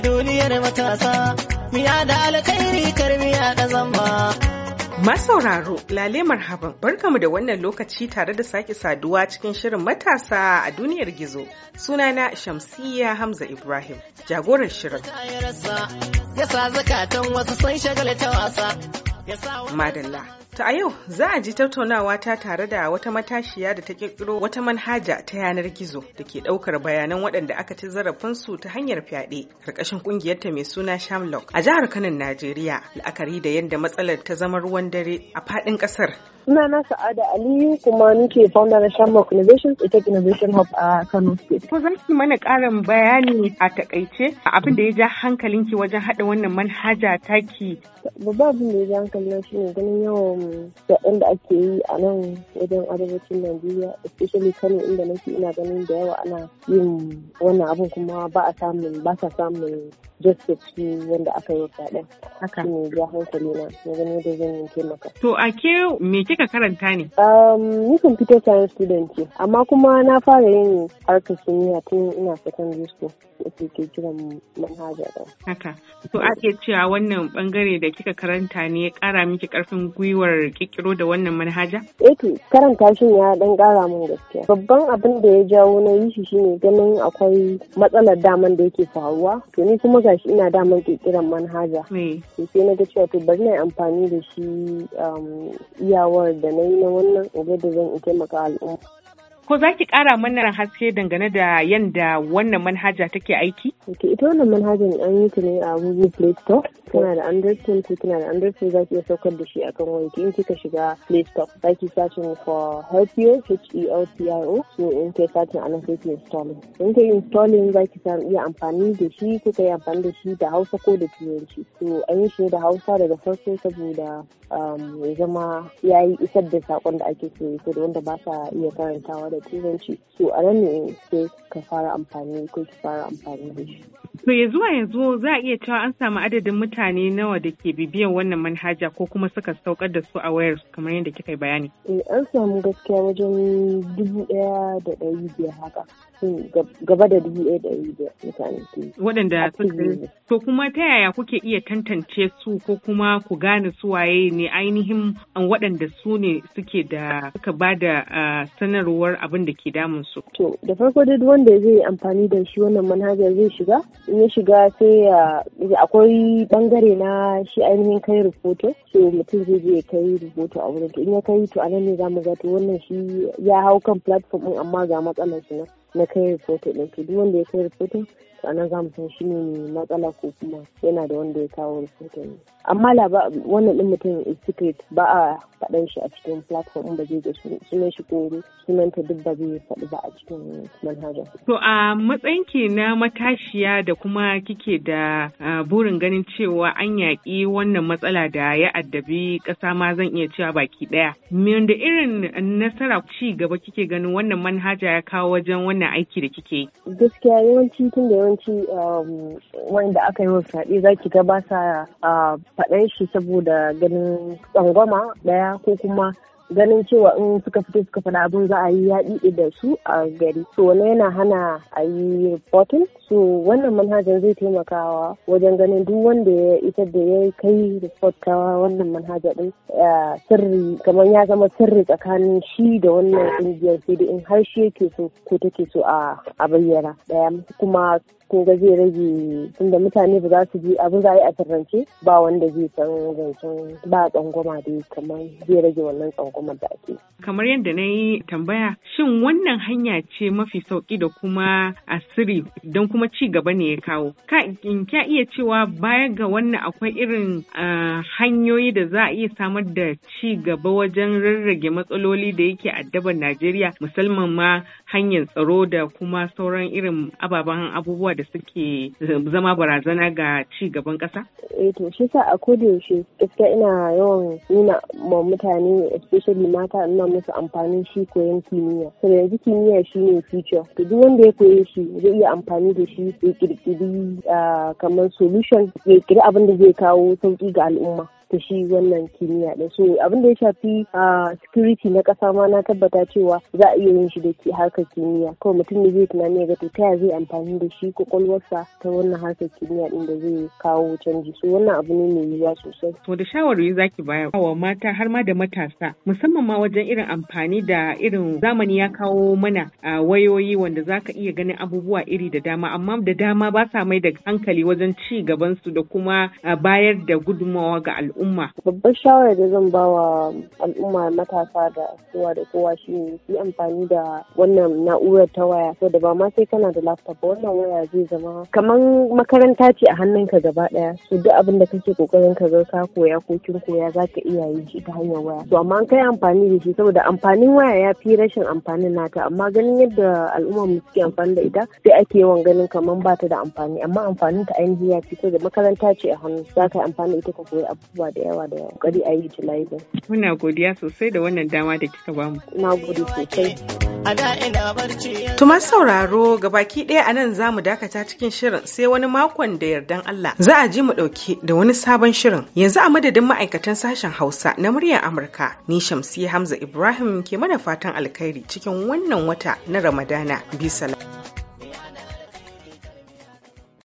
duniyar matasa miya da alkhairi karmiya da zamba Masauraro lale marhaban barkamu da wannan lokaci tare da sake saduwa cikin shirin matasa a duniyar gizo sunana Shamsiyya Hamza Ibrahim jagoran shirin. Madalla Ta a yau za a ji tattaunawa ta tare da wata matashiya da ta kirkiro wata manhaja ta yanar gizo da ke daukar bayanan waɗanda aka ci zarafinsu ta hanyar fyaɗe ƙarƙashin ƙungiyarta mai suna Shamlock a jihar kanon Najeriya, la'akari da yadda matsalar ta zama ruwan dare a faɗin ƙasar. Suna na Sa'ada Aliyu kuma nike founder na Shamrock Innovations ita Innovation Hub a Kano State. Ko zan ki mana ƙarin bayani a takaice abin da ya ja hankalinki wajen haɗa wannan manhaja taki. Babban abin da ya ja hankalina shi ne ganin yawan zaɓen da ake yi a nan wajen arewacin Najeriya especially Kano inda nake ina ganin da yawa ana yin wannan abin kuma ba a samun ba sa samun Joseph shi wanda aka yi fyaɗen. Haka. Ne ya hankali na na gani da zan yi taimaka. To a ke me kika karanta ne? Um, ni computer science student ce amma kuma na fara yin harkar kimiyya tun ina secondary school. Ake ke kiran manhaja ɗin. Haka. To ake cewa wannan bangare da kika karanta ne ya ƙara miki karfin gwiwar ƙirƙiro da wannan manhaja? Eh to karanta shi ya ɗan kara min gaskiya. Babban abin da ya jawo na yi shi shine ganin akwai matsalar daman da yake faruwa. To ni kuma ga shi ina damar kirkiran manhaja to sai na ga cewa to bari na amfani da shi um, iyawar da na yi na wannan in da zan taimaka al'umma Ko za ki kara mana haske dangane da yadda wannan manhaja take aiki? Ok, ita wannan manhajar an yi ta ne a Google Play Store. Kana da Android phone ko kina da Android phone za ki iya saukar da shi akan wanki in kika shiga Play Store. Za ki searching for You, H E L P e I O so in kai searching anan sai ki installing. In kai installing za ki iya amfani da shi ko kai amfani da shi da Hausa ko da Turanci. So an yi shi da Hausa daga farko saboda um, ya zama ya yi isar da saƙon da ake so da wanda ba sa iya karantawa da turanci so a nan ne sai ka fara amfani ko ki fara amfani da shi to ya zuwa yanzu za a iya cewa an samu adadin mutane nawa da ke bibiyan wannan manhaja ko kuma suka saukar da su a wayar kamar yadda kika yi bayani eh an samu gaskiya wajen dubu ɗaya da ɗari biyar haka hmm, gaba da dubu ɗaya da ɗari biyar mutane waɗanda suka to kuma ta yaya kuke iya tantance su ko kuma ku gane su waye ne ainihin waɗanda su ne suke da suka ba da ah, sanarwar abin da ke damun su. To da farko dai wanda zai amfani da shi wannan manhajar zai shiga in ya shiga sai ya akwai bangare na shi ainihin kai rubutu so mutum zai je kai rubutu a wurin in ya kai to anan ne zamu ga to wannan shi ya hau kan platform din amma ga matsalar shi na kai rubutu din to duk wanda ya kai rubutu sannan za mu san shi ne matsala ko kuma yana da wanda ya kawo rahoton amma labar. wannan din mutum is secret ba a ɗan shi a cikin platform ba zai ga sunan shi ko sunan ta duk ba zai faɗi ba a cikin manhaja. To a matsayin ki na matashiya da kuma kike da burin ganin cewa an yaƙi wannan matsala da ya addabi ƙasa ma zan iya cewa baki ɗaya. Me irin nasara ci gaba kike ganin wannan manhaja ya kawo wajen wannan aiki da kike yi? Gaskiya yawanci tun da yawanci um, wanda aka yi wa fyaɗe za ki ga ba sa faɗan shi saboda ganin tsangwama ɗaya ko kuma ganin cewa in suka fito suka faɗa abin za a yi yaɗi da su a gari so wani yana hana a yi reporting so wannan manhajar zai taimakawa wajen ganin duk wanda ya ita da ya kai report ta wannan manhaja din sirri kamar ya zama sirri tsakanin shi da wannan ƙungiyar sai da in har shi yake so ko take so a bayyana daya kuma kun ga zai rage tunda mutane ba za su ji abin za a yi a tarrance ba wanda zai san zancen ba tsangwama dai kamar zai rage wannan tsangwamar da ake. Kamar yadda na yi tambaya shin wannan hanya ce mafi sauki da kuma asiri don kuma ci gaba ne ya kawo. Ka in kya iya cewa baya ga wannan akwai irin hanyoyi da za a iya samar da ci gaba wajen rarrage matsaloli da yake addabar Najeriya musamman ma hanyar tsaro da kuma sauran irin ababen abubuwa da da suke eh, zama barazana ga ci gaban ƙasa? Eh to shi sa a koda yaushe gaskiya ina yawan nuna ma mutane especially mata ina musu amfanin shi koyon kimiyya. Saboda yanzu kimiyya shi ne future. To duk wanda ya koye shi zai iya amfani da shi ya kirkiri ah, kamar solution ya kiri abin da zai kawo sauƙi ga al'umma. ta shi wannan kimiyya din so abin da ya shafi a security na kasa ma na tabbata cewa za a iya yin shi da harkar kimiyya kawai mutum ne zai tunani ya ga to ta zai amfani da shi ko kwakwalwarsa ta wannan harkar kimiyya din da zai kawo canji so wannan abu ne mai yiwuwa sosai. to da shawarwari zaki bayar wa mata har ma da matasa musamman ma wajen irin amfani da irin zamani ya kawo mana wayoyi wanda zaka iya ganin abubuwa iri da dama amma da dama ba sa mai da hankali wajen ci gaban su da kuma bayar da gudunmawa ga al'umma. al'umma? Babbar shawarar da zan ba wa al'umma matasa da kowa da kowa ne, yi amfani da wannan na'urar ta waya so da ba ma sai kana da laptop ba wannan waya zai zama kaman makaranta ce a hannunka gaba daya so duk abin da kake kokarin ka ga ka koya ko kin koya za ka iya yin shi ta hanyar waya to amma kai amfani da shi saboda amfanin waya ya fi rashin amfanin nata amma ganin yadda al'umma mu suke amfani da ita sai ake yawan ganin kaman ba ta da amfani amma amfanin ta ainihi ya fi da makaranta ce a hannu za ka yi amfani da ita ka koyi abubuwa da yawa da yawa a yi utilizing. Muna godiya sosai da wannan dama da kika bamu. Na gode sosai. Tuma sauraro ga baki ɗaya a nan za mu dakata cikin shirin sai wani makon da yardan Allah za a ji mu ɗauki da wani sabon shirin yanzu a madadin ma'aikatan sashen Hausa na muryar Amurka ni Shamsi Hamza Ibrahim ke mana fatan alkhairi cikin wannan wata na Ramadana bisala.